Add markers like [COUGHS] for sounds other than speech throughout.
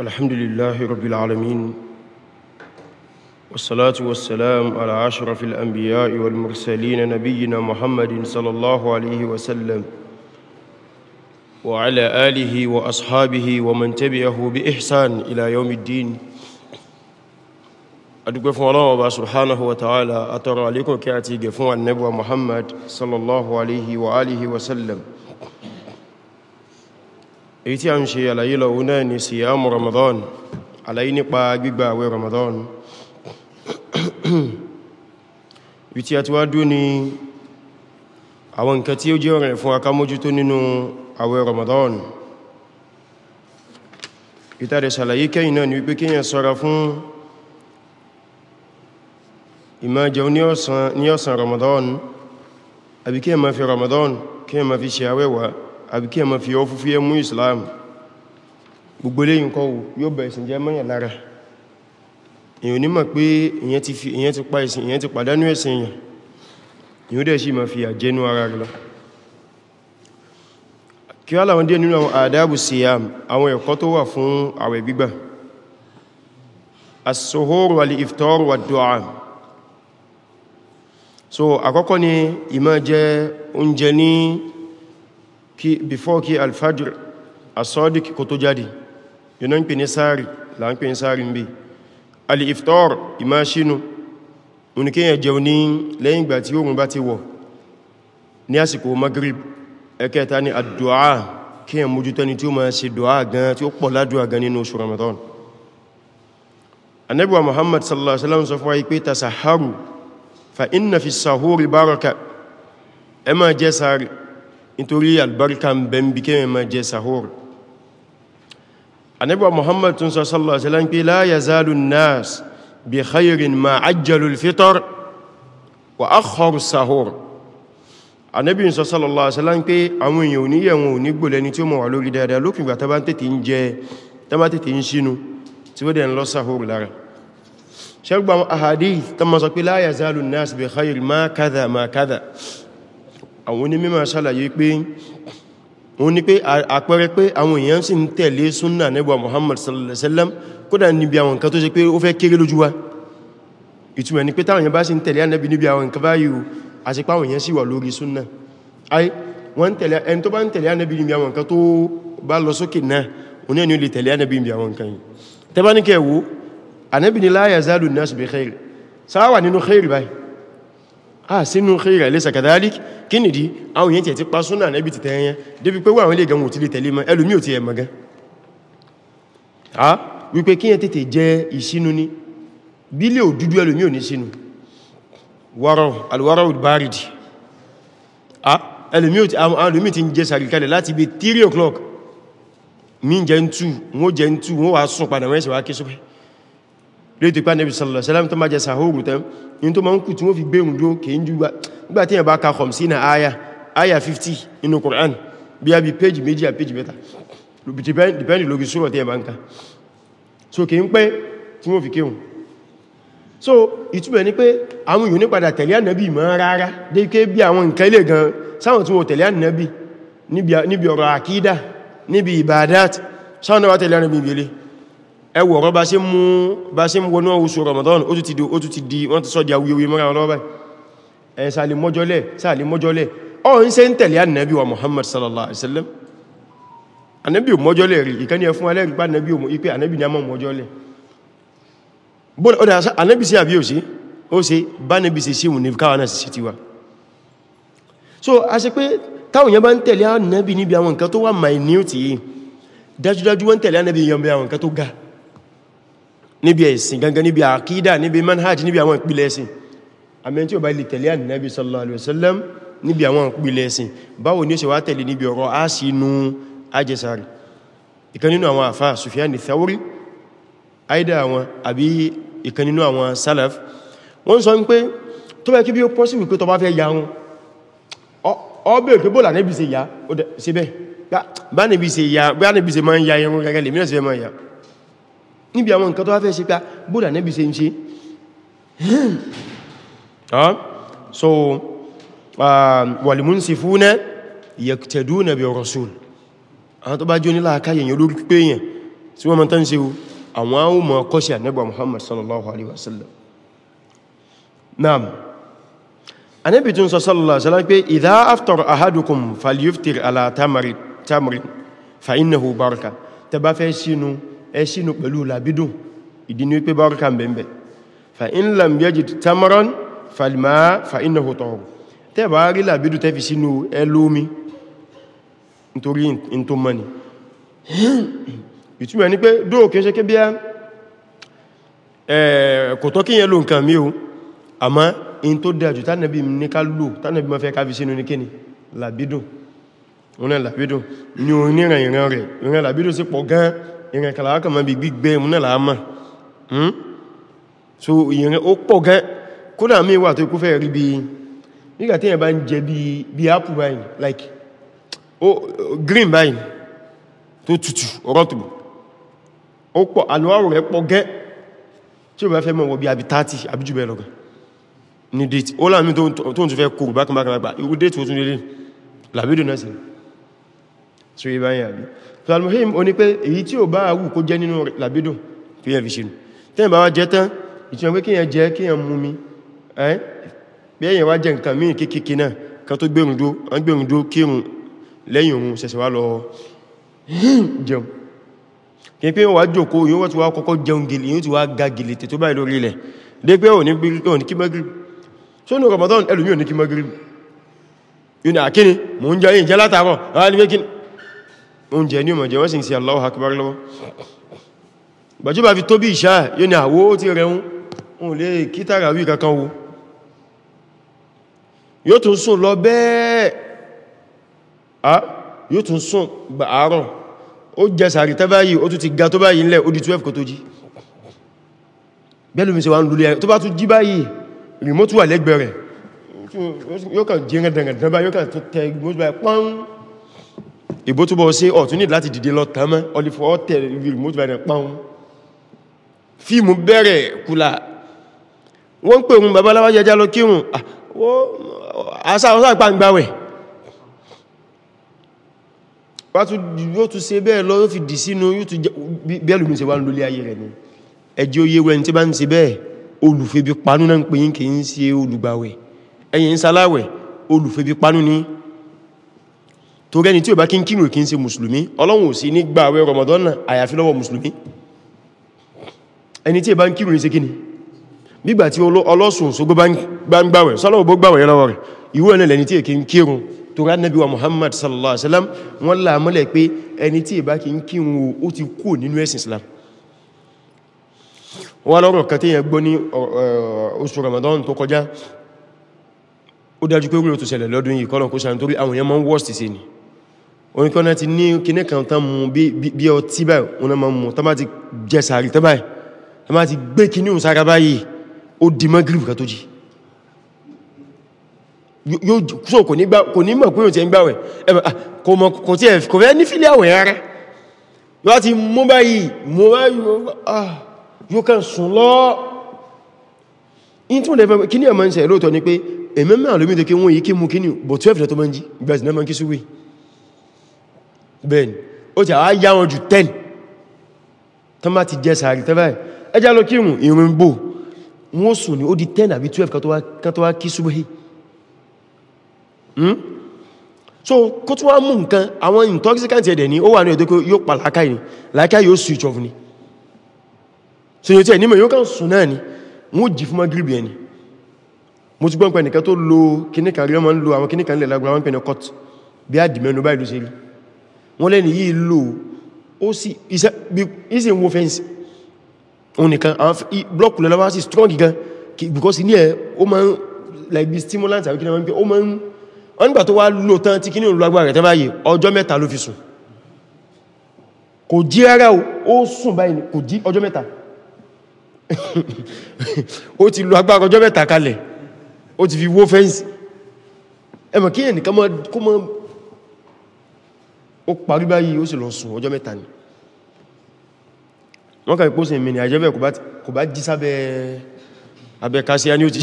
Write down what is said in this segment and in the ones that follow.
الحمد لله رب العالمين والصلاة والسلام على أشرف الأنبياء والمرسلين نبينا محمد صلى الله عليه وسلم وعلى آله وأصحابه ومن تبعه بإحسان إلى يوم الدين أدوك فون الله سبحانه وتعالى أترى لكم كاتي فون النبوة محمد صلى الله عليه وآله وسلم èyí tí a ń ṣe àlàyé lọ́wọ́ náà ni siyamu ramadan àlàyé nípa gbígba àwẹ̀ ramadan [CLEARS THROAT] ibi tí a ti wá dú ni àwọn nǹkan tí ó jẹ́ ọ̀rẹ́ fún akámójútó nínú àwẹ̀ ramadan ìtàdẹ̀ ṣàlàyé kẹ́yìn náà ni wípé kíyàn sọ́ra fún ìmá ní ọ̀sán ramadan àbí kíyàn ma fi ramadan kíyàn ma fi ṣe àwẹ̀wàá àbí kí ẹ ma fi ọ fúfú ẹ mú islam gbogbo lẹ́yìn kọ́ yóò bẹ̀rẹ̀ sí jẹ́ mọ́yàn lára èyàn ní mọ̀ pé ìyẹn ti fi ìyẹn ti pa ìsìn ìyẹn ti pàdánú ẹ̀sìn èyàn yóò dẹ̀ sí ma fi àjẹnú ara rẹ̀ lọ kí wá láwọn díẹ̀ nínú àdábù siyam àwọn ẹ̀kọ́ tó wà fún àwẹ̀ gbígbà as iftar wad du'a so àkọ́kọ́ ni ìmá jẹ oúnjẹ ní kí before kí alfajr asọ́dìk kò tó jáde yíò ń pè ní sáàrì là ń pè ní sáàrì ń bí aliftor ìmá ṣínú oníkéyàn jẹun ní lẹ́yìn ìgbà tí oòrùn bá ti wọ̀ ní àsìkò magrib ẹ̀kẹta ni àdùá kíyàn mójútó ni tí ó máa ṣe dùá gan tí ó pọ̀ ládùá gan nínú oṣù ramadan ànábì muhammad sallallahu sọ fún wa tasaharu fa inna fi sahuri baraka ẹ máa jẹ sáàrì nítorí albarka ń bẹ ń bí kéwẹ̀ ma jẹ sahur anábíwa muhammad tún sọ sallallahu alaihi wasallam pé la yazalu nas bi khairin ma ajjalul fitar wa akhkharu sahur anábí sọ sallallahu alaihi wasallam pé àwọn èèyàn ò ní yẹ̀wọ̀n ò ní gbòlẹ̀ ni tí ó mọ̀ wà lórí dáadáa lókùngbà tá bá tètè àwọn onímọ̀ ṣàlàyé pé wọ́n ní pé àpẹẹrẹ pé àwọn èèyàn sì ń tẹ̀lé súnnà nẹ́bà Muhammad sallallahu alaihi wasallam kódà níbi àwọn nǹkan tó ṣe pé ó fẹ́ kéré lójú wa ìtumọ̀ ni pé táwọn èèyàn bá sì ń tẹ̀lé ànẹ́bì níbi àwọn nǹkan báyìí àti pé àwọn èèyàn sì wà lórí súnnà ayé wọ́n tẹ̀lé ẹni tó bá ń tẹ̀lé ànẹ́bì níbi ni la yazalu nas ah sínú khayra laysa kadhalik kí nìdí àwọn èyàn tí ẹ̀ ti pa súnà nẹ́bí ti tẹ́yẹn débi pé wà àwọn ilé gan wò tí lè tẹ̀lé mọ́ ẹlòmí ò ti ẹ̀ mọ̀gán ah wípé kí yẹn tètè jẹ ìsínú ní bí lè òdúdú ẹlòmí ò ní sínú wọ́rọ̀ alwọ́rọ̀ bárìdì ah ẹlòmí ti ń jẹ sàrìkalẹ̀ láti bí 3 o'clock mi jẹ ń tú wọ́n jẹ ń tú wọ́n wá sùn padà wọ́n ẹ̀sẹ̀ wá kí súnpẹ́ lè tó sallallahu alaihi wasallam tó má jẹ sàhóòrù tẹ́m in tó ma ń kù tí wọ́n fi gbé ìrùndó kìí jùgbà nígbàtí yàn bá ka khamsina aya aya 50 inú Qur'an bí a bí page méjì à page mẹ́ta dìpẹ́ndì lórí sùúrà tí yàn bá ń ka so kìí ń pẹ́ tí wọ́n fi kéhùn so ìtúbẹ̀ ni pé àwọn yòó ní padà tẹ̀lé ànábì mọ́ rárá dé ké bí àwọn nǹkan ilé gan sáwọn tí wọ́n tẹ̀lé ànábì níbi ọ̀rọ̀ àkídà ẹwọ̀ ọ̀rọ̀ bá ṣe mú bá ṣe mú wọnú oṣù Ramadan ó tún ti di ó tún ti di wọ́n ti sọ di awuyewuye mọ́ra ọlọ́rọ̀ ẹ̀ sàlè mọ́jọ́lẹ̀ sàlè mọ́jọ́lẹ̀ ọ ń ṣe ń tẹ̀lé ànábì wa Muhammad sallallahu alaihi wasallam ànábì ò mọ́jọ́lẹ̀ rí ìkẹ́ni ẹ fún alẹ́rí pa ipe ànábì ni a mọ́ mọ́jọ́lẹ̀ bọ́lá ọ̀dà ànábì sí àbí òṣè ó ṣe bá níbi sí so a ṣe pé táwọn yẹn bá ń tẹ̀lé ànábì níbi minute yìí dájúdájú wọ́n tẹ̀lé ànábì yẹn bí àwọn nǹkan tó ga níbi ẹ̀sìn gangan níbi àkídà níbi manhaj níbi àwọn ìpìlẹ̀ ẹ̀sìn àmẹ́ntí ò bá lè tẹ̀lé ànábì sallallahu alaihi wasallam níbi àwọn ìpìlẹ̀ ẹ̀sìn báwo ni ó ṣe wá tẹ̀lé níbi ọ̀rọ̀ áṣínú ajẹsàrí ìkan nínú àwọn àfáà Sufyan salaf wọ́n sọ pé tó bẹ́ kí bí ó pọ́ sí wípé tó bá fẹ́ ya wọn ọ bèèrè pé bóòlà níbi ṣe ya síbẹ̀ bá níbi ṣe ya níbi àwọn nǹkan tó wá fẹ́ ṣe pé bóòlà nẹ́bí ṣe ń ṣe so wal-munsifūna yaqtadūna bir-rasūl àwọn tó bá jó nílá akáyẹ̀ yẹn lórí pé yẹn tí wọ́n mọ́ tán ṣe àwọn àwọn mọ́ kọ́ṣì ànẹ́bà Muhammad sallallahu alaihi wasallam naam ànẹ́bì tún sọ sallallahu alaihi wasallam pé idhā ẹṣínú pẹ̀lú làbídùn ìdí ni wípé bárúkà mẹ́mẹ́ fa in lam yajid tamaran falma fa ina tahur tẹ́ bá rí làbídùn tẹ́ fi sínú ẹlómi nítorí in tó mọ́ ni ìtumọ̀ ni pé dóòkè ṣe kébíá kò tọ́ kíyàn ló nǹkan mí o àmọ́ in tó dájú tánàbí ní ká lò tánàbí ma fẹ́ ká fi sínú ní kíni làbídùn oní làbídùn ní oníran ìran rẹ̀ ìran làbídùn sí pọ̀ gan-an ìrìn kàlàwà kàmà bí gbígbẹ́ ìmúnà láàmà hmm? so ìrìn ó pọ̀ gẹ́ kódà mí wà tó kú fẹ́ rí bí nígbà tí ẹ̀ bá ń jẹ bí apple báyìí like oh, green báyìí tó tutù rọ́tù ó pọ̀ alùwárù rẹ̀ pọ̀ gẹ́ tí ó bá fẹ́ mọ̀ wọ bí àbí 30 àbí jù bẹ́ẹ̀ lọ́gà ní date ó láàmì tó ń tún fẹ́ kòrò bákan bákan bákan irú date ó so ìbáyìí àbí so almuhim ó ní pé èyí tí ó bá awù kó jẹ́ nínú labido tó yẹ fi ṣe tẹ́yìn bá wá jẹ tán ìtumọ̀ pé kíyàn jẹ kíyàn mú mi ẹ́ bí ẹ̀yìn wá jẹ nǹkan míì kékèké náà kan tó gbẹ̀rùn dó wọ́n gbẹ̀rùn dó kírùn lẹ́yìn òun ṣẹ̀ṣẹ̀ wá lọ [CLEARS THROAT] jẹun kí pé wà jòkó yóò wọ́n ti wá kọ́kọ́ jẹun gèlè yóò Ramadan ẹlòmí ò ní kí mẹ́gírìbù yóò ní àkíní mò ń oúnjẹ ní ọmọdé wọ́n sì ń sí Allahu Akbar lọ́wọ́ gbàjúbà fi tó bí ìṣá yóò ní àwó tí rẹun oun lè kí tàràwí kankan wo yóò tún sùn lọ bẹ́ẹ̀ a yóò tún sùn gbà àárọ̀ ó jẹ sàárì tẹ́ báyìí ó tún ti ga tó báyìí ńlẹ̀ ó di 12 kò tó jí bẹ́lú mi ṣe wà ìbò túbọ̀ sí ọ̀tún ní láti dìde lọ tàmá ọlífọ́ ọ̀tẹ̀ remote by pàun fíìmù bẹ̀rẹ̀ kùlà wọ́n pè ohun babaláwá jẹjá lọ kírùn àṣà pàǹgbàwẹ̀ yóò tún ṣe bẹ́ẹ̀ lọ yóò fi dì sínú yóò tún bẹ́ẹ̀lùmí tó rẹni tí ò bá kí ń kírun kí ń ṣe mùsùlùmí ọlọ́run ò sí ní gba àwẹ̀ rọmọdọ́nà àyàfi lọ́wọ́ mùsùlùmí ẹni tí ì bá ń kírun ní ṣe kíni nígbà tí ọlọ́sùn sógbó bá ń gbàwẹ̀ sọ́lọ́wọ́ bó gbàwẹ̀ Muhammad sallallahu alaihi wasallam wọ́n láàmọ́lẹ̀ pé ẹni tí ì bá kí ń ó Islam wọ́n lọ́rọ̀ kan tí Ramadan tó kọjá ó dájú pé orí ó tó ṣẹlẹ̀ lọ́dún yìí kọ́lọ̀ kó ṣàntorí àwọn èèyàn mọ́ worst ni oníkọ́nà ti ní kíní kan tán mú bí ọ tí báyìí wọn náà mú tán bá ti jẹ sàárì tán báyìí tán bá ti gbé kíní òun sára báyìí ó di Magrib ká tó jí yóò so kò ní mọ̀ pé òun ti ẹ̀ ń gbàwẹ̀ kò tí ẹ̀ kò fẹ́ ní fílẹ̀ àwẹ̀ rárá yóò ti mú báyìí ah, kí wọ́n yìí kí mú kíní bọ̀ 12 lẹ́tọ́ máa jí ìgbàjì náà máa kí súwé bẹ́ẹ̀ni ó ti àwá yá wọn jù 10 tán bá ti jẹ sàárì tẹ́bẹ̀ ẹjá lọ kírùn ìrìn bò wọ́n sùn ní ó di 10 àbí 12 kan tó wá kí súbúhí hmm? so kó tó wá mú nǹkan àwọn intoxicant ẹ̀dẹ̀ ni ó wà ní ẹ̀dẹ́ kó yóò pa làákàí ni làákàí yóò switch off ni so yóò tí ẹ̀ nímọ̀ yóò kàn sùn náà ni wọ́n jì fún magrib ẹni mo ti gbọ́n pẹ̀ nìkan tó lo kíníkà rí ọmọ ń lo àwọn kíníkà nílẹ̀ lágbàwọn pẹ̀ ní ọkọ̀t bí á dìmẹ́nu báyìí ló ṣe rí wọ́n lẹ́ni yìí lò ó sì iṣẹ́ ìsìn wo fẹ́ǹsì òun nìkan blọ́ọ̀kù lọ́wọ́ sí strong gan because ní ẹ̀ ó ma ń like bí stimulant àbí kíni ó ma ń wọ́n nígbà tó wá lò tán tí kíní olùlagbà rẹ̀ tán báyìí ọjọ́ mẹ́ta ló fi sùn kò jí rárá ó sùn báyìí kò jí ọjọ́ mẹ́ta [LAUGHS] ó ti lo agbára ọjọ́ mẹ́ta kalẹ̀ ó ti fi wó fẹ́ǹsì ẹmọ̀ kí ẹnìkan mọ́ ó parí báyìí ó sì lọ sùn ọjọ́ mẹ́ta ni wọ́n kàrí pósìn mi ni àjẹ́bẹ̀ kò bá jí sábẹ́ abẹ́ kásíá ní ó ti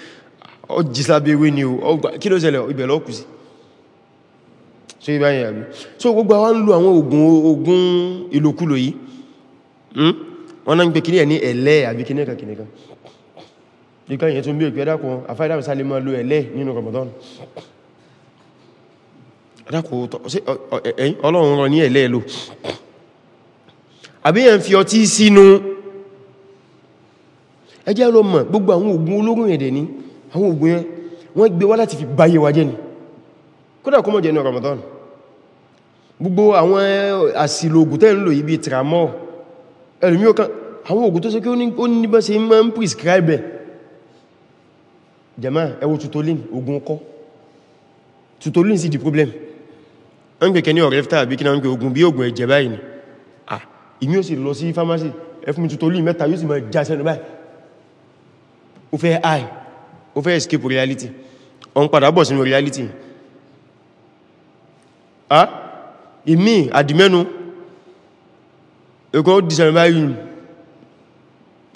[LAUGHS] ó jí sábẹ́ ewé ni ó kí ló ṣẹlẹ̀ ibẹ̀ lọ sí so ibáyìn àbí so gbogbo àwọn ń lo àwọn oògùn oògùn ìlòkulò yìí hmm? wọ́n náà ń pè kí ní ẹ̀ ní ẹ̀lẹ́ àbí kí ní Ramadan dákòótọ́ ẹ̀yìn ọlọ́run rọ ní ẹ̀lẹ́ ẹ̀lò àbí ẹ̀ ń fi ọtí sínú ẹjẹ́ ló mọ̀ gbogbo àwọn ògùn ológun èdè ní àwọn ògùn yẹn wọ́n gbé wá láti fi báyé wa jẹ́ ni kódà kó mọ́ jẹ́ ní Ramadan gbogbo àwọn àsìlò ògùn tẹ́ ń lò yìí bí tramol ẹlùmí ọkàn àwọn ògùn tó ṣe kí ó ní bá ṣe máa ń prescribe jẹ́mà ẹwọ tutolin ògùn ọkọ́ tutolin sì di problem ń gbẹ̀kẹ́ ní ọ̀rẹ́ fítà àbí kí náà ń gbẹ̀ ogun bí ogun ẹ̀jẹ̀ báyìí ni ah ìmí ò sì lọ sí pharmacy ẹfún mi tutolí mẹ́ta yóò sì máa já báyìí ó fẹ́ ai ó escape reality ọ̀n padà bọ̀ sínú reality ah ìmí àdìmẹ́nu ẹ̀kọ́ di sẹ́nu báyìí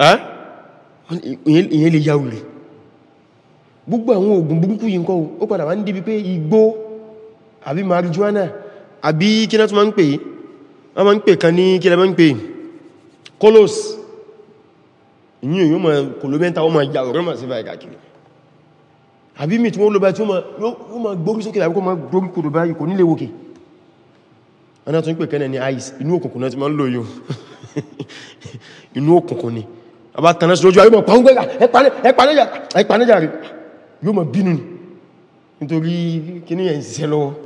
ah ìyẹn lè yá wùlẹ̀ gbogbo àwọn oògùn burúkú yìí ń kọ́ ó padà wá ń débi pé igbó àbí marijuana àbí kí náà tún máa ń pè wọ́n máa ń pè kan ní kí lẹ ń pè kolos yíò yóò mọ̀ kòlómẹ́ta ó mọ̀ yàwòrán mọ̀ sí báyìí àbí mi tí wọ́n lọ bá tí ó mọ̀ gbórí sókè àbí kó mọ̀ gbórí kòrò báyìí kò nílé wòkè ice inú òkùnkùn náà ti máa ń lò yóò [LAUGHS] inú òkùnkùn ni a bá tanná sí lójú ayé mọ̀ pàúngbẹ́gà ẹ̀pànẹ́jà rí yóò mọ̀ ah, bínú nítorí kí ní ẹ̀ ń ṣiṣẹ́ lọ́wọ́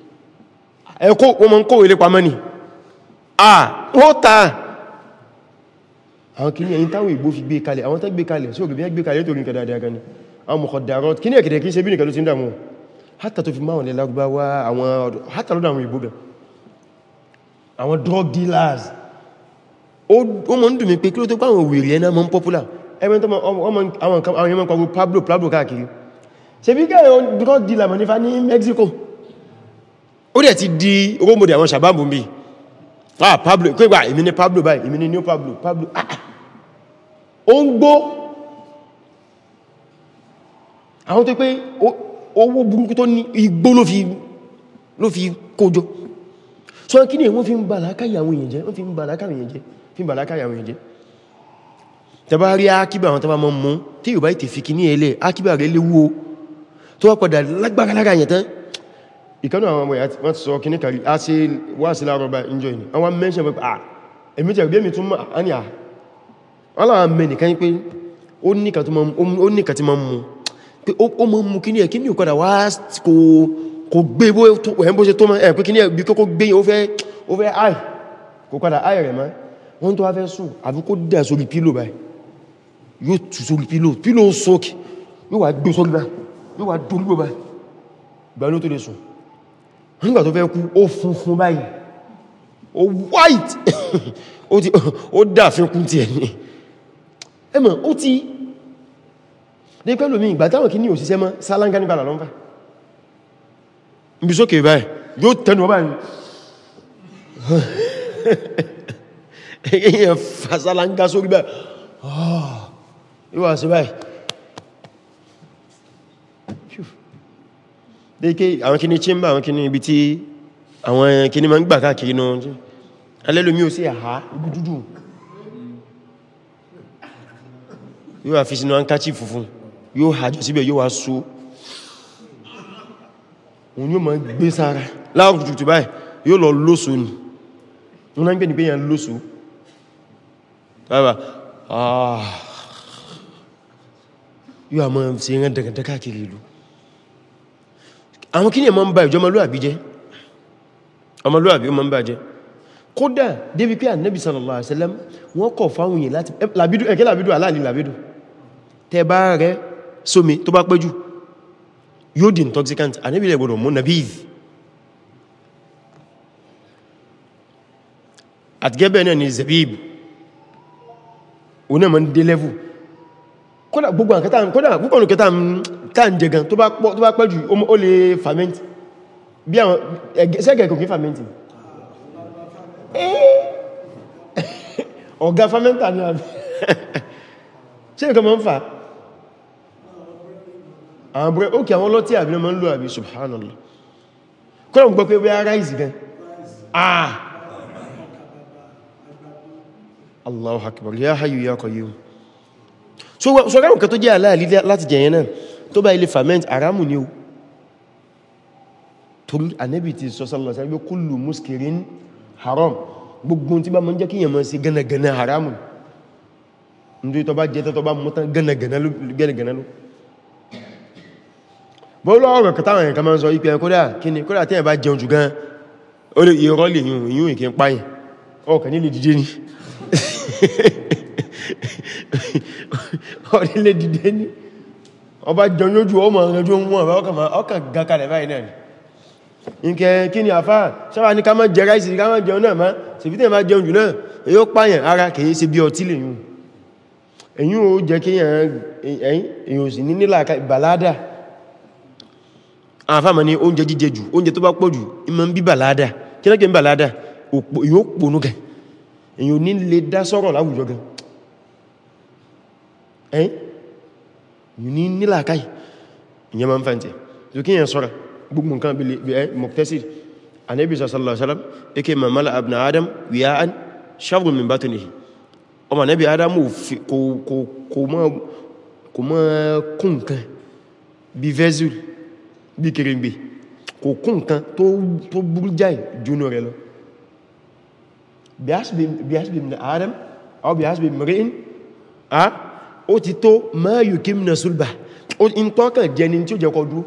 ẹkó wọ́n mọ́ ń kó ilé pamọ́ ni ah wọ́n ta àwọn kìí ẹ̀yìn táwọn ìgbó fi gbé kalẹ̀ àwọn tẹ́gbé kalẹ̀ sí ògbé gbé kalẹ̀ tó rí nǹkan dáadáa gan ni àwọn mọ̀kọ̀dáràn kí ní ẹ̀kẹ̀dẹ̀ kìí ṣe bí drug dealers ó mọ̀ ń dùn mí pé kí ló tó pá àwọn wèrè ẹ̀nà mọ́ Pablo Pablo káàkiri ṣe drug dealer mọ̀ nífà Mexico ó dẹ̀ ti di rómọdé àwọn sàbámbò bí ah Pablo kó ìgbà èmi ni Pablo báyìí èmi ni new Pablo Pablo ah o ah. ń gbó àwọn tó pé owó burúkú tó ní igbó ló fi kójọ so kí ni wọ́n fi ń bàlákà ìyàwó èèyàn jẹ́ wọ́n fi ń bàlákà ìyàwó èèyàn jẹ́ fi ń bàlákà ìyàwó èèyàn jẹ́ tẹbá rí ákíbà àwọn tẹbá mọ́ mú tí ìkanú àwọn ọmọ ìyàtí wọ́n ti sọ kìníkà rí a ṣe wá sí lárọ̀bá ìjọ ìní àwọn mẹ́ṣẹ́ pẹ̀lú à èmì jẹ́ ìbí tún máa ní à ah. aláwọ̀ mẹ́nìkan pé ó níkà tí ma mú pé ó mọ́ mú kíní ẹ̀ kíní ìkọ́dà wá kò gbé bó ṣe tó mọ́ ẹ̀ pé kíní ẹ̀bí kó gbé ó fẹ́ àì kò padà àì rẹ̀ mọ́ wọ́n tó wá fẹ́ sùn àbí kó dẹ̀ sórí pílò báyìí yóò tù sórí pílò pílò sókè yóò wá gbé sórí báyìí yóò wá dórí báyìí gbẹ̀rún tó lè sùn nígbà tó fẹ́ kú ó funfun báyìí ó white [COUGHS] ó dáfin kú ti [COUGHS] ẹni ẹmọ̀ ó ti ní pẹ́lú mi ìgbà táwọn kí ní òṣìṣẹ́ mọ́ sálángá ní bàlá lọ́nfà ibi sókè báyìí yóò tẹnu ọba ní èyàn fà sálángá sórí báyìí ah, déké àwọn kìíní chamber àwọn kìíní ibi tí àwọn kìíní ma ń gbà káàkiri náà jẹ́ alẹ́lómí ò sí àhá ibi dúdú yóò wà fi sínú ankachi funfun yóò hajjọ síbẹ̀ yóò wà so òun yóò ma gbé sára láàrùtùtù báyìí yóò lọ lóso ni wọ́n náà ń gbé ní pé yàn lóso ah. yóò àmọ́ sí rán dẹ̀kẹ̀dẹ̀ káàkiri ìlú àwọn kíni ẹ̀mọ́ ń bá ìjọ ọmọlúàbí jẹ́ ọmọlúàbí ó mọ́ ń bá jẹ́ kódà débi pé ànábì sallallahu alaihi wasallam wọ́n kọ̀ fáwọn yìí láti làbídù ẹ̀kẹ́ làbídù aláàlì làbídù tẹ bá rẹ sómi tó bá pẹ́jù yóò di intoxicant ànábì lè gbọdọ̀ mú nabiz àtgẹ́bẹ̀ náà kódà gbogbo àkẹta kódà púpọ̀ ní kẹta tá ń jẹgan tó bá pẹ́ jù ó lè ferment bí àwọn ẹgẹ́sẹ́gẹ̀ kò kí fermenting eh! [LAUGHS] ọ̀gá fermenta ní àbí [LAUGHS] ṣe nǹkan mọ́ ń fà àwọn búrẹ́ ókè àwọn ọlọ́tí àbí mọ́ ń lò àbí subhanallah kódà gbọ́ pé wíyá ráìsì gan ah Allahu akbar ya hayyu ya qayyum so ráwọn kan tó jẹ́ aláàlì láti jẹ̀yẹn náà tó bá ilé ferment aramu ni o torí anẹ́bì ti sọ sallallahu alaihi muskirin haram gbogbo tí bá mọ́ jẹ́ kíyàn mọ́ sí gánagana haramu nítorí tó bá jẹ́ tó bá mọ́tán gánagana ló bọ́ọ̀lọ́ ọ̀rọ̀ kàtàwọn ẹ̀kan máa ń sọ ipẹ́ kódà kíni kódà tí ẹ̀ bá jẹun jù gan ó lè irọ́ ni [LAUGHS] [LAUGHS] ọdílé dìde ní ọba jọun lójú ọmọ ọ̀rẹ́jú wọn ọba ọkà gakalẹ̀ báyìí náà ni nkẹ kí ni àfáà sáwà ní ká má jẹ ráìsì ká má jẹun náà má sèfítẹ̀ má jẹun jù náà èyí ó pààyàn ara kìí ṣe bí ọtí lè yùn èyí ó jẹ́ kí èyàn sì ní nílà bàládà àfáà ma ní oúnjẹ jíjẹ jù oúnjẹ tó bá pọ̀ jù ìmọ̀ ń bí bàládà kí náà kí ń bàládà èyí ó pònú gan èyàn ò ní lè dá sọ́rọ̀ láwùjọ ẹ́yìn ní nílàkáì ìyẹn ma ń fẹ́ntẹ̀ tó kíyàn sọ́rọ̀ gbogbo nǹkan bí ẹ́ mọ̀tẹ́sìr anẹ́bí sallallahu alaihi wasallam ike mamala abna adam wiya'an sharrun min batnihi ọmọ anẹ́bí adam kò mọ́ kún nǹkan bí vẹ́zùl bí kèrègbè kò kún nǹkan tó burú jáì jónú rẹ lọ bí hasbi ibn adam aw bí hasbi mri'in a ah? ó ti tó máyù kí mìnà súlbà in tó kàn jẹ ni tí ó jẹkọ dúró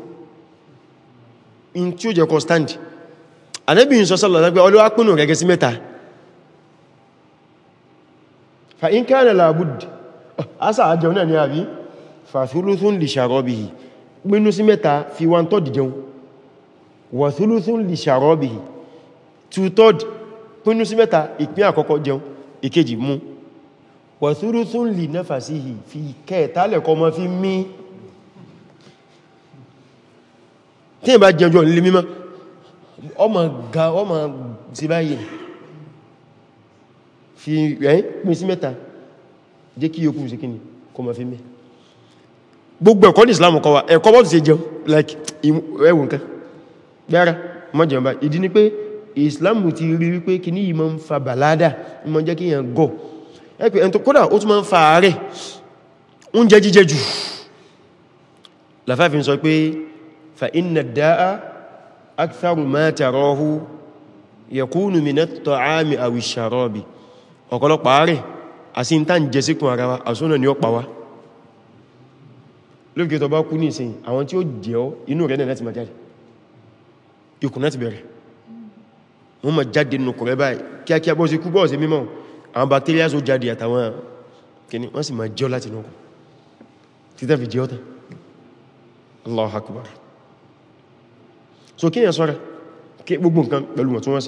in tí ó jẹkọ stand Ànábì ń sọ sọ́lọ̀ Olúwa pínú gẹ́gẹ́ sí mẹ́ta fa in kana labud asa ah, àjẹun náà ni àbí fa thuluthun li sharabihi pínú sí mẹ́ta fi one third jẹun wa thuluthun li sharabihi two third pínú sí mẹ́ta ìpín àkọ́kọ́ jẹun ìkejì wọ̀súrúsún lè náfà sí hì fi kẹta lẹ́kọ́ mọ́ fi mí tí ìbá jẹjọ nílé mímọ́ ọmọ ga ọmọ sí báyìí fi rẹ̀ pín sí mẹ́ta jẹ́ kí yóò sí kíni kọ fi mí gbogbo ẹ̀kọ́ ní Islam kọwa ẹ̀kọ́ bọ́ sí jẹun like ẹwù nǹkan gbára mọ́ jẹun bá ìdí ni pé Islam ti rí wípé kíní yìí mọ́ ń fa balada, mọ́ jẹ́ kí yàn gọ̀ọ́ ẹ̀pẹ̀ ẹ̀ntọ́ kódà ó tún máa ń fa àárẹ̀ oúnjẹ jíjẹ jù lafáfin sọ pé fa inna dáa aktharu ma tarahu yakunu minat ami aw sharabi ọ̀pọ̀lọpọ̀ àárẹ̀ àti ìta ń jẹ síkùn ara wa àsúnà ni ó pa wá lókè tó bá kú ní ìsìn àwọn tí ó jẹ ọ inú rẹ̀ náà àwọn bacteria ó jáde àtàwọn kìíní wọ́n sì máa jẹ́ láti inú ọkùn títẹ́ fi jẹ́ ọ́tà Allahu Akbar so kí yẹn sọ́rọ̀ kí gbogbo nǹkan pẹ̀lú wọn tún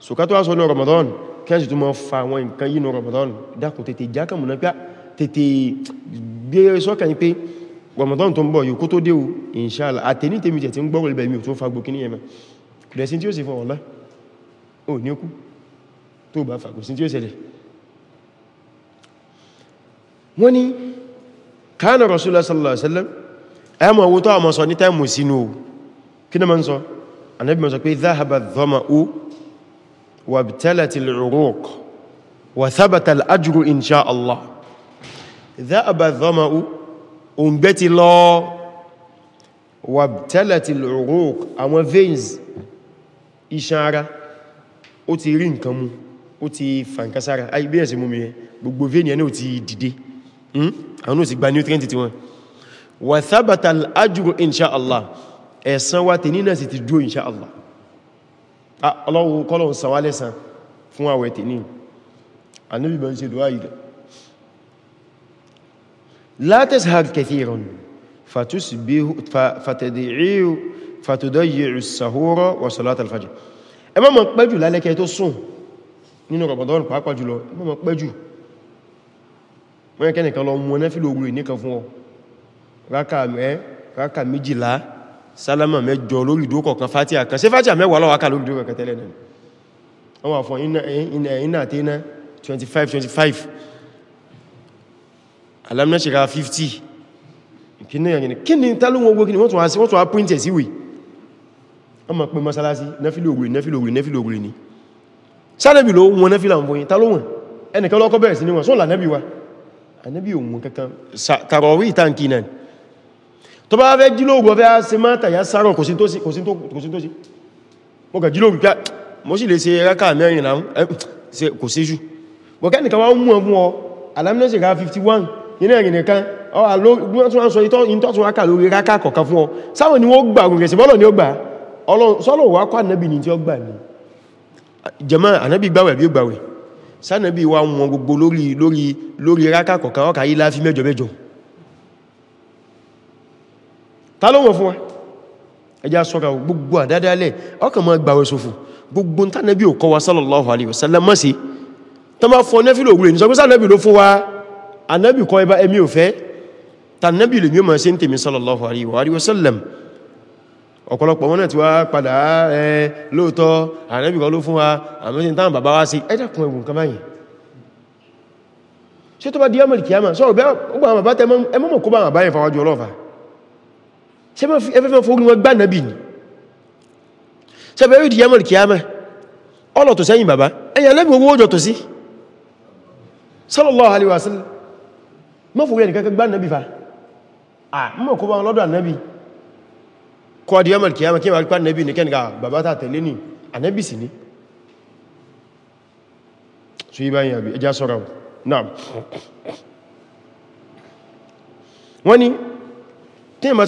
so ká tó wá sọ ní Ramadan kí wọ́n sì tún máa fa àwọn nǹkan yìí ní Ramadan dákùn tètè jákàmù náà pé tètè gbé sọ́kà ní pé Ramadan tó ń bọ̀ yóò kó tó dé o inshallah àtẹnítẹ̀mí tó bá fà kò sí tí ó ṣẹlẹ̀ wọ́n ni káàna rasulullah sallallahu alaihi wasallam ẹmọ owó tó àmọ́ sọ ní táìmù sínú o kí ní ma ń sọ anábì ma sọ pé záhàbà àwọn veins iṣan ara ó ti rí nǹkan mú ó ti fankasára ibẹ̀rẹ̀ sí múmi ẹ gbogbo vein ẹni ò ti dìde hmm? àwọn ò sì gba nutrient ti wọn wà thabata al-ajru inṣáàlá ẹ̀san wá tè nínà sí ti dúó inṣáàlá ọlọ́run kọ́lọ̀un sanwá mọ̀ pẹ́jù lálẹ́kẹ́ tó sùn nínú Ramadan pàápàá jùlọ mọ́ mọ́ pẹ́ jù wọ́n kẹ́nìkan lọ mọ́ náà fílò ogun nìkan fún ọ rákà mẹ́ rákà méjìlá sálámà mẹ́jọ lórí ìdó kọ̀kan fátíà kan ṣe fátíà mẹ́wàá lọ́wọ́ ká lórí ìdó kọ̀kan tẹ́lẹ̀ náà wọ́n wà fún iná àtẹ́ná 25 25 alamnashira 50 ìkíní ẹ̀yìn kí ni tálówó ogun kí wọ́n tún wá print ẹ̀ síwèé wọ́n mọ̀ pé mọ́sálásí náfílò ogun náfílò ni sálẹ̀bì ló wọn náà fílà wọ́n yìí ta ló wọ́n ẹnìkan lọ́kọ́ bẹ̀rẹ̀ sí ní wọ́n sọ́là nẹ́bí wa anẹ́bí òun kankan tàrọ̀wí ìtànkì náà tó bá fẹ́ jílógún ọfẹ́ se máa tàyà sárọ̀ kò sí tó sí mo kà jílógún pé ah, mo sì lè ṣe rákà mẹ́rin náà kò sí jù bọ̀kẹ́nìkan wá mú ọmú ọ alámínẹ́sì ra 51 iná ìrìn nìkan ìtọ́tún rákà lórí ni wọ́n gbà rùn rẹ̀ sí bọ́lọ̀ ni ni tí ó gbà ní jẹmọ́ ànábì gbàwẹ̀ bí ó gbàwẹ̀ sánàbí wa wọn gbogbo lórí lórí lórí rákà kọ̀kan ọkà yí láfí mẹ́jọ mẹ́jọ ta ló wọ̀n fún wa ẹjá sọ́ra gbogbo àdádálẹ̀ ọkà mọ́ gbàwẹ̀ sófù gbogbo tánàbí ò kọ́ wa sallallahu alaihi wasallam mọ́ sí tán bá fọ́ nẹ́fìlò òwúrẹ̀ ní sọ pé sánàbí ló fún wa ànábì kọ́ ẹbá ẹmí ò fẹ́ tánàbí lè mí ó mọ̀ sí ń tèmi sallallahu alaihi wasallam ọ̀pọ̀lọpọ̀ wọn náà ti wá padà ẹ lóòtọ́ ànábì kan ló fún wa àmọ́sí táwọn bàbá wá sí ẹ́dàkùn ẹ̀wùn kan báyìí ṣe tó bá di ọmọ ìkìyàmà sọ ọ̀bẹ́ ọgbà àwọn bàbá tẹ ẹmọ́mọ̀ kó bá àwọn báyìí fáwájú ọlọ́fà ṣe ẹfẹ́fẹ́ fórí wọn gbá nàbì ni ṣe bẹ̀rẹ̀ di ọmọ ìkìyàmà ọlọ̀ wasallam mọ́ fòrí ẹnìkan gbá nàbì fa ah mọ́ kó bá wọn lọ́dọ̀ ànábì kọ́dí yọ́mọ̀ kìyàmọ̀ kí wọ́n pàdé nẹ́bí ní kẹ́nìyà bàbá tà tẹ̀lé ní ànẹ́bì sí ní so yí báyìí àbí ẹjá sọ́rọ̀ náà wọ́n ni tíyàn máa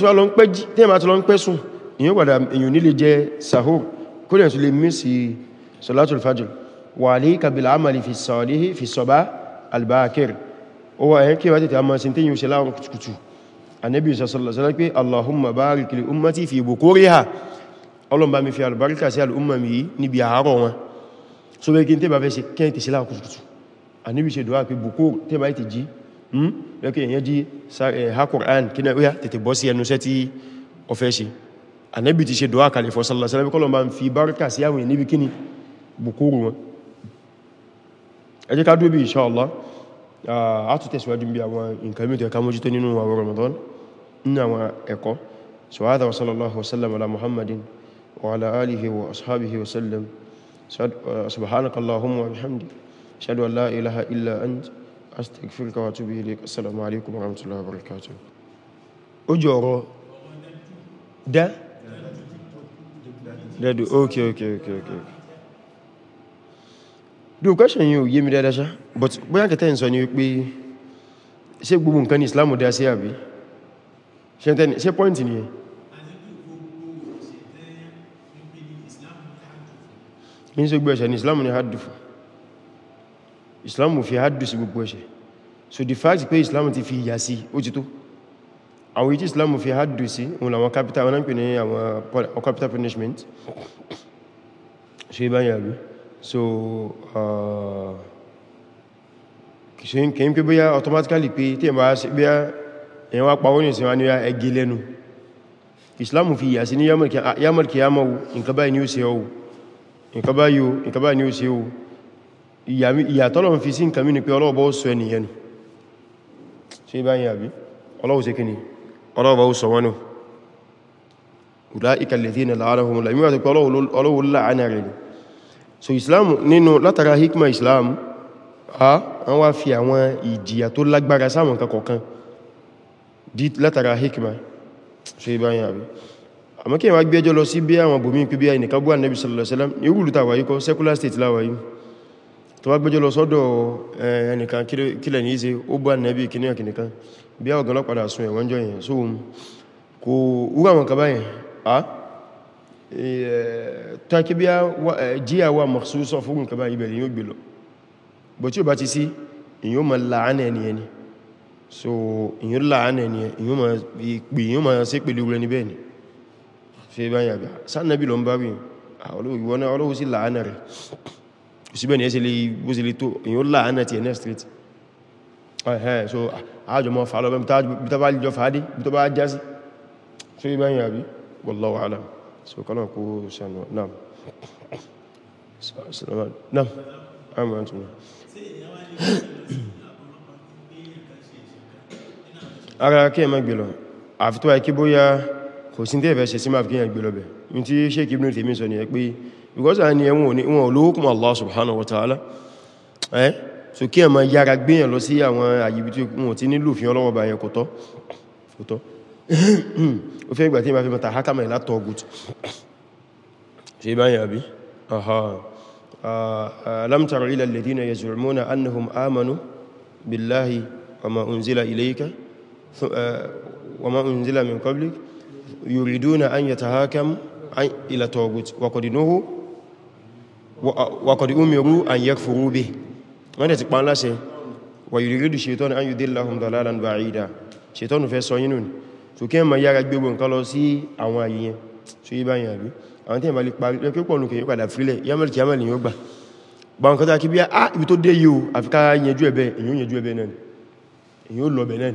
tí lọ ń pẹ́ sùn èyàn padà èyàn nílé jẹ sahur kó dẹ̀ tún lè mí sí salatul fajr wa alayka annabi sallallahu alaihi pé allahumma barik li ummati fi bukuriha ọlọ́n bá mi fi albarka sí al'umma mi yìí níbi àárọ̀ wọn so bẹ́ kí n tẹ́bà fẹ́ ṣe kẹ́ tẹ́ sílá kùtùtù annabi ṣe dùwà pé bukur tẹ́bà ti jí lẹ́kẹ́ hmm? èyàn jí ha eh, Qur'an kí na ríà tètè bọ́ sí ẹnu sẹ́ tí ọ fẹ́ ṣe annabi ti ṣe dùwà kalẹ̀ fọ́ sallallahu alaihi kọ́lọ́n bá ń ká dúbí insha Allah ah, a bí àwọn nǹkan mìíràn ká mójútó nínú àwọn Ramadan nínú àwọn ẹ̀kọ́ so hadha wa sallallahu wasallam ala muhammadin wa ala alihi wa ashabihi wasallam subhanaka allahumma wa uh, bihamdi ashhadu an la ilaha illa ant astaghfiruka wa atubu ilayk assalamu alaikum wa rahmatullahi wa barakatuh ojú ọ̀rọ̀ dá dẹ́dù okay okay okay okay do question yìí yé mi dáadáa but bóyá kẹta ìsọ ni wípé ṣé gbogbo nǹkan ní Islam dá sí àbí ṣe pọ́ìntì ni ẹ ní gbogbo ẹ̀ṣẹ̀ ni islam ni haddu fún fi haddu gbogbo ẹ̀ṣẹ̀ so the fact pé islam ti fi ìyà sí ó ti tó àwọn ìtí islam fi haddu sí òun àwọn capital wọn pè ní àwọn capital punishment ah, ṣe báyìí àgbé so kìí ṣe ń pé bóyá automatically pé tí ẹ̀ èyàn wá pàwọ́ ní ìsinmi ya ẹgbẹ́ lẹ́nu Islam fi yà sí ní yamal kiyama o nǹkan báyìí ni ó ṣe o nǹkan báyìí ni ó ṣe o ìyàtọ́lọ̀ fi sí nǹkan mínú pé ọlọ́wọ́ sí ó sọ wọnù ulaika alladhina la'anahum Allah ìmúwà tó pé ọlọ́wọ́ láàánà rẹ̀ ni so Islam nínú látara Islam a wọ́n wá fi àwọn ìjìyà tó lágbára látara hikma ṣe báyìí àbí àmọ́ kí wá gbé ẹjọ́ lọ sí bí àwọn bòmí pé bí ẹnìkan bú ànẹ́bí sallallahu alaihi wasallam ní irú wáyé kọ́ secular state láwáyé tó wá gbẹ́jọ́ lọ sọ́dọ̀ ẹnìkan kílẹ̀ ní ìṣe ó bú ànẹ́bí kìnìyàn kìnìkan bí àwọn ọ̀gán lọ́pàá sun ẹ̀wọ́n jọ yẹn sóhun kò wúrà wọn kaba yẹn a tàkí bí jíyà wà ni yóò so ìyún láàánà ni ìpè ìyún ma ṣe pẹ̀lú rẹ̀ níbẹ̀ ni ṣe bá ń yàgbà sánàbí lọ ń bá rí ìwọ́n náà ọlọ́wọ́ sí láàánà rẹ̀ síbẹ̀ ni ẹ́ ṣe lè tó ìyún láàánà ti ẹ̀nẹ́ street ẹ̀hẹ́ so àjọ mọ́ fà lọ́bẹ̀ bí tó bá jọ fàádé bí tó bá já sí ṣe bá ń yàgbà wallahu a'lam so kọ́nà kó sànà náà náà àmà àtúnà ara kí ẹmọ gbìlọ àfitọ́ àìkí bóyá kò sí tẹ́ ìfẹ́ ṣe sí máa fi kíyàn gbìlọ bẹ̀ ní tí Sheikh Ibn Taymiyyah sọ ni ẹ pé because a ní wọn olóòkùn Allah subhanahu wa ta'ala ẹ́ so kí ẹmọ yára gbéyàn lọ sí àwọn àyíbi tí wọn ti nílò fi ọlọ́wọ́ bá وما أنزل من قبلك يريدون أن يتهاكم إلى الطاغوت وقد نهوا وقد أمروا أن يكفروا به wọ́n dẹ̀ ti pa láṣẹ wà yìí rídù ṣetọ́nù an yudillahum dalalan ba'ida ṣetọ́nù fẹ́ sọ yínú ni tó kí ẹ ma yára gbogbo nǹkan lọ sí àwọn ayẹyẹ tó yí báyìí àbí àwọn tí ẹ bá lè parí lẹ́kẹ́ pọ̀ nù kí yóò padà yamal kiamal yóò gbà bá nǹkan tó kí bí i ibi tó dé yìí o àfikà yẹjú ẹ̀bẹ̀ èyí ó yẹjú ẹ̀bẹ̀ náà ni èyí